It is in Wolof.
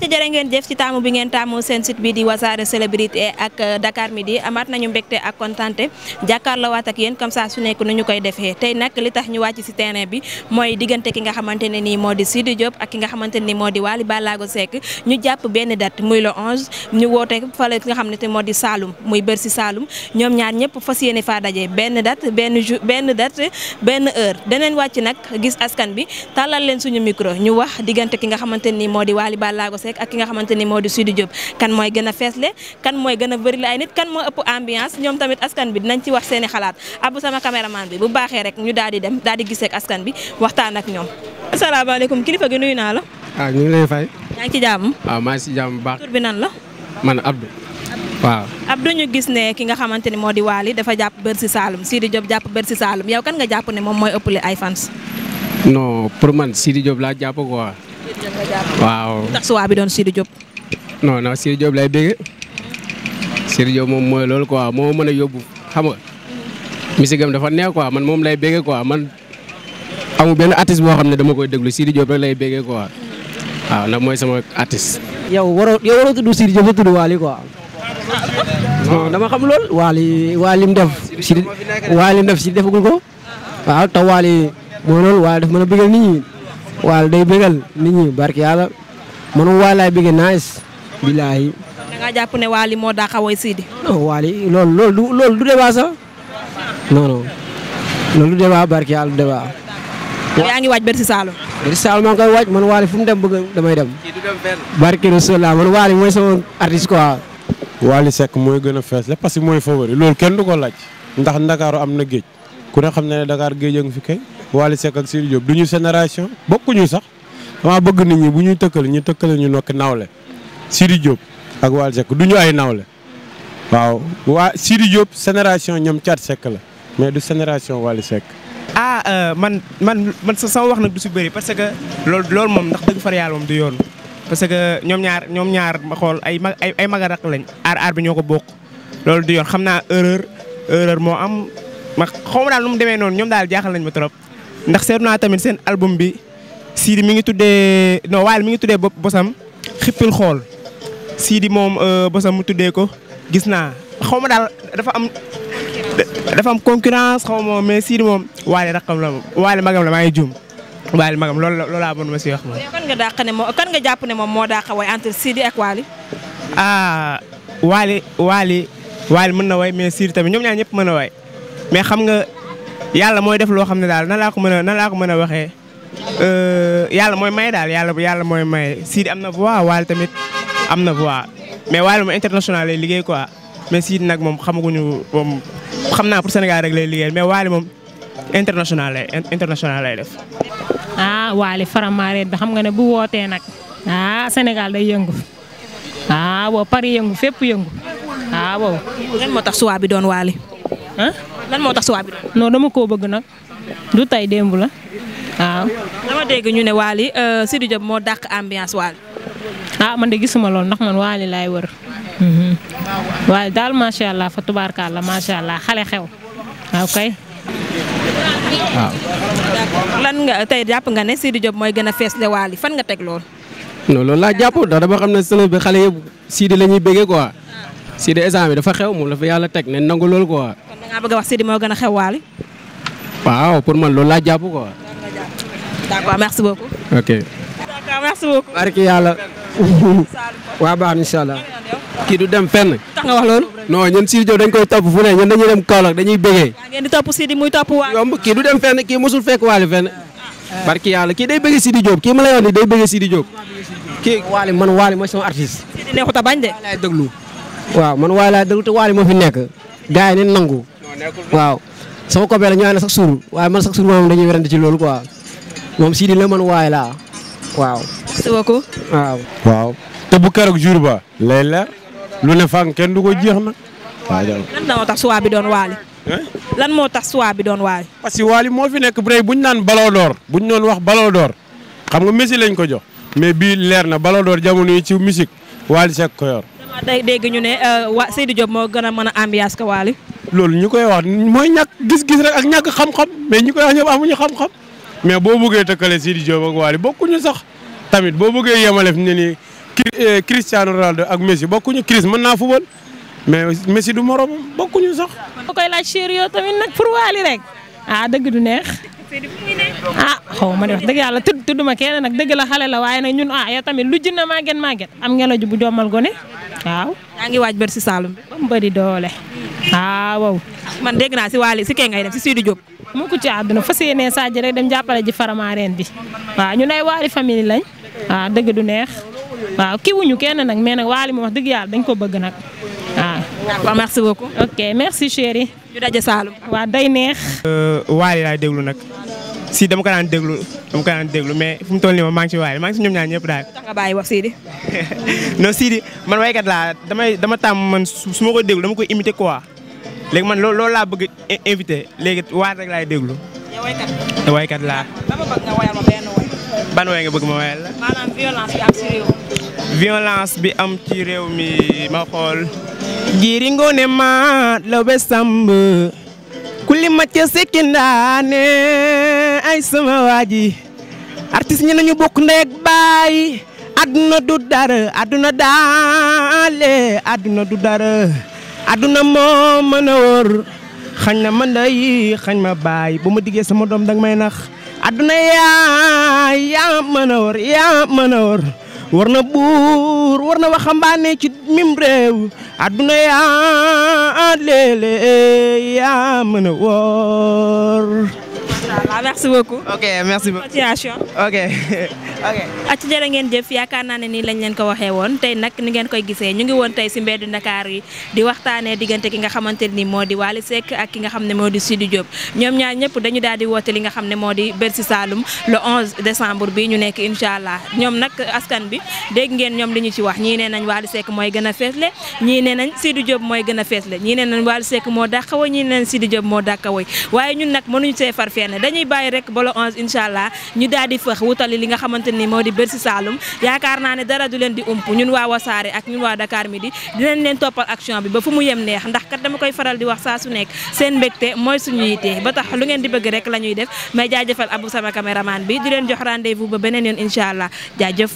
ayca jërë ngeen jëf ci taamu bi ngeen taamu seen site bi di wasaare célébrité ak Dakar Midi amaat nañu mbégte ak kontante jàkkaarloowaat ak yéen comme ça su nu ñu koy defee tey nag li tax ñu wàcc si terrain bi mooy diggante ki nga xamante ne nii moo di Sidi ki nga xamante ne nii moo di Waly Ballago Seck ñu jàpp benn date muy le 11 ñu woote fale ki nga xam ne moo di Saloum muy Bercy Saloum ñoom ñaar ñëpp fas yéene faa daje benn date benn jour benn date benn heure deneen wàcc nag gis askan bi tàllal leen suñu micro ñu wax diggante ki nga xamante ne nii moo di Waly Seck ak ki nga xamante ni moo di Sidi Diop kan mooy gën a feesle kan mooy gën a bëri la ay nit kan moo ëpp ambiance ñoom tamit askan bi dinañ ci wax seen i xalaat abu sama caméraman bi bu baaxee rek ñu daal di dem daal di gisee ak askan bi waxtaan ak ñoom. asalaamaaleykum kilifa gi nuyu naa la. waaw ah, ñu ngi lay fay. yaa ngi ci jàmm. waaw ah, maa ngi ci jàmm bu baax. tur bi nan la. man Abdou. waaw Abdou ñu gis ne ki nga xamante ni moo di Wally dafa jàpp Bercy Saloum Sidi Diop jàpp Bercy Saloum yow kan nga jàpp ne moom mooy ëppale ay fans. non pour man Sidi Diop laa jàpp quoi. waaw tax waa bi doon Sidi Diop. non non Sidi Diop lay bëggee Sidi Diop moom mooy loolu quoi moo mën a yóbbu xam nga. misigam dafa neex quoi man moom lay bëggee ko man amul benn artiste boo xam ne dama koy déglu Sidi Diop lay bëggee quoi waaw na mooy sama artiste. yow waroo yow waroo tudd Sidi Diop sa tudd Waly quoi. dama xam lool Waly Waly def. Sidi Waly lim def ko. waaw taw Waly mooy loolu Waly daf mën a bëggal waal day bëggal ni ñi barki yàlla man waal laay bëgg nice billaahi. jàpp ne waal yi moo daa xaw a Sidi. non waal yi loolu loolu du loolu du débat sax non non loolu du débat barki yàlla du débat. waaw yaa ngi waaj Bercy Saloum. Bercy Saloum maa ngi koy waaj man waal yi fu mu dem bëgg damay dem. barki Rasulullah man waal yi mooy sama artiste quoi. Wally Seck mooy gën a fees la parce que mooy favori loolu kenn du ko laaj ndax Ndakaaru am na géej ku ne xam ne ne Dakar géej a ngi fi kay. Wally Seck ak Sidy du ñu génération bokkuñu sax dama bëgg nit ñi bu ñuy tëkkale ñu tëkkale ñu nokk nawle Sidy Diop ak Wally du ñu ay nawle waaw waa Sidy Diop génération ñoom caat sekk la mais du génération Wally Seck. ah euh, man man man sama wax nag du si bëri parce que loolu loolu moom ndax dëgg far yàlla moom du yoon parce que ñoom ñaar ñoom ñaar ma xool ay mag ay mag lañ aar aar bi ñoo ko bokk loolu du yoon xam naa erreur erreur moo am ma xaw daal nu mu demee noonu ñoom daal jaaxal nañ ma trop. ndax seet naa tamit seen album bi Sidi mi ngi tuddee non waaye mi ngi tuddee bopp bosam xippil xool Sidi moom euh, bosam mu tuddee ko gis naa xaw ma daal dafa am. dafa am concurrence xaw ma mais Sidi moom waale raqam la moom waale magam la maa ngi juum waale magam loolu la laa bon ma si wax moom. kan nga dàq ne jàpp ne moom moo dàq way entre Sidi ak Waly. ah Waly Waly Waly mën na way mais Sidi tamit ñoom ñaar ñëpp mën na way mais xam nga. yàlla mooy def loo xam ne daal nan laa ko mën a nan laa ko mën a waxee euh, yàlla mooy may daal yàlla yàlla mooy may Sidy am na voix Wally tamit am na voix mais Wally moom international lay liggéey quoi mais Sidy nag moom xamaguñu moom xam naa pour Sénégal rek lay liggéey mais Wally moom international lay international lay def. ah Wally faramaare bi xam nga ne bu wootee nag ah Sénégal day yëngu ah par Paris yëngu fépp yëngu ah boobu. lan moo tax doon Wally ah lan moo tax si waa bi dama koo bëgg nag du tey démb la waaw. dama dégg ñu ne Waly euh, Sidy Diop moo dàq ambiance ah, de gisuma loolu ndax man Waly laay wër. Mhm. waaye daal macha fa tubaarkàlla macha allah xale xew waaw ah, kay. Ah. tey jàpp nga ne Sidy Diop mooy gën a fees de Waly fan nga teg lool. non laa jàpp ndax dama xam ne sële bi xale yëpp Sidy la ñuy bëggee quoi. Sidy instant bi dafa xew moom la yàlla teg ne nangu loolu quoi. dangaa bëgg a wax Sidi moo gën a xew waali waaw pour man loolu laa jàpp quoi. d'accord merci beaucoup. ok. d'accord merci beaucoup. barki yàlla. waa baax na incha allah. kii du dem fenn. tax nga wax loolu. non ñun Sidi Diop dañ koy topp fu ne ñun dañuy dem Kaolack dañuy bëggee. waaw ngeen di topp Sidi muy topp waali. yomb kii du dem fenn kii mosul fekk waali fenn. Ah. barki yàlla kii day bëggee Sidi Diop kii ma lay wax nii day bëggee Sidi Diop. kii waali man waali mooy sama artiste. Sidi neexut a bañ de. waaw man waali laay déglu te waali moo fi nekk. gars yi nañ nangu. waaw sama copain la ñu ànd sax suur waaye man sax suur moom dañuy werante ci loolu quoi moom la man waaye laa waaw. merci beaucoup. waaw. te bu keroog jour ba lay leer lu ne fang kenn du ko jeex na. waaw lan moo tax suwaa bi doon waali. lan moo tax suwaa bi doon waali. parce que waali moo fi nekk bu dee bu ñu naan ballon d'or bu wax ballon d'or xam nga Messi lañ ko jox mais bii leer na ballon d'or jamono yi ci musique waali Seck ko yor. dama euh, moo gën a man a ambiance ko waali. loolu ñu koy wax mooy ñàkk gis-gis rek ak ñàkk xam-xam mais ñi koy wax ñëpp amuñu xam-xam mais boo bëggee tëkkale Sidi Diop ak Waly bokkuñu sax tamit boo bëggee yemale fi ne nii eh, Cristiano Ronaldo ak Messi bokkuñu Chris mën naa football mais Messi du morom bokkuñu sax. boo koy laaj chéri yoo tamit nag pour Waly rek ah dëgg du neex. ah xaw ma di wax dëgg yàlla tudd tudd ma kenn nag dëgg la xale la waaye nag ñun ah yow tamit lu jënd màgget màgget am ngelaw ji bu jommal gone waaw. yaa ngi waaj bër si Saloum. ba mu bëri doole. ah waaw. man dégg naa si Waly si kee ngay dem si Sidi Diop. mu ko ci àdduna fas yéenee Sadio rek dem jàppale ji faramareen bi waaw ñun ay Waly famille lañ waaw dëgg du neex waaw kii wuñu kenn nag mais nag waali moom wax dëgg yàlla dañ ko bëgg nag waaw. waaw merci beaucoup. ok merci chérie. ñu day neex. Euh, Waly laay déglu nag si dama ko daan déglu dama ko daan déglu mais fu mu toll nii moom maa ngi si Waly si ñoom ñaar ñëpp daal. tax nga bàyyi wax Sidi. non laa damay dama tam man su ma ko déglu dama koy imiter quoi. léegi man loolu loolu laa bëgg invité léegi waat rek laay déglu. la waykat laa. dama bëgg nga wayal ma benn way. way nga ma wayal la. maanaam violence bi am ci réew mi. violence bi am ci réew mi ma xool. jiri ngoone maat la be samb kuli ma ca ay sama waaji artiste ñi nañu bokk ndey ak baay adduna du dara adduna daale adduna du dara adduna moo mën a wóor xañ na man day xañ ma baay bu ma diggee sama doom danga may nax adduna yaa yaa mën a wóor yaa mën a wóor war na buur war na waxambaane ci mim réew adduna yaa léele yaa mën a wóor waaw ah, merci beaucoup. ok merci beaucoup ngeen jëf yaakaar naa ne nii lañ leen ko waxee woon tey nag ni ngeen koy gisee ñu ngi woon tey si mbeddu Ndakaar yi di waxtaanee diggante ki nga xamante ni moo di Wally Seck ak ki nga xam ne moo di Sidy Diop ñoom ñaar ñëpp dañu daal di woote li nga xam ne moo di Bercy Saloum le 11 décembre bi ñu nekk incha allah ñoom nag askan bi dégg ngeen ñoom li ñu ci wax ñii nee nañ Wally Seck mooy gën a feesle ñii nee nañ Sidy Diop mooy gën a feesle ñii nee nañ Wally Seck moo dàqawoy ñii nee nañ Sidy Diop moo dàqawoy bàyyi rek bolo 11 incha allah ñu daal di fex wutali li nga xamante ni moo di Bercy Saloum yaakaar naa ne dara du leen di ump ñun waa Wassare ak ñun waa mi di dinañ leen toppal action bi ba fu mu yem neex ndax kat dama koy faral di wax saa su nekk seen mbégte mooy suñu yite ba tax lu ngeen di bëgg rek la ñuy def may jaajëfal Abou sama caméraman bi di leen jox rendez-vous ba beneen yoon incha allah jaajëf.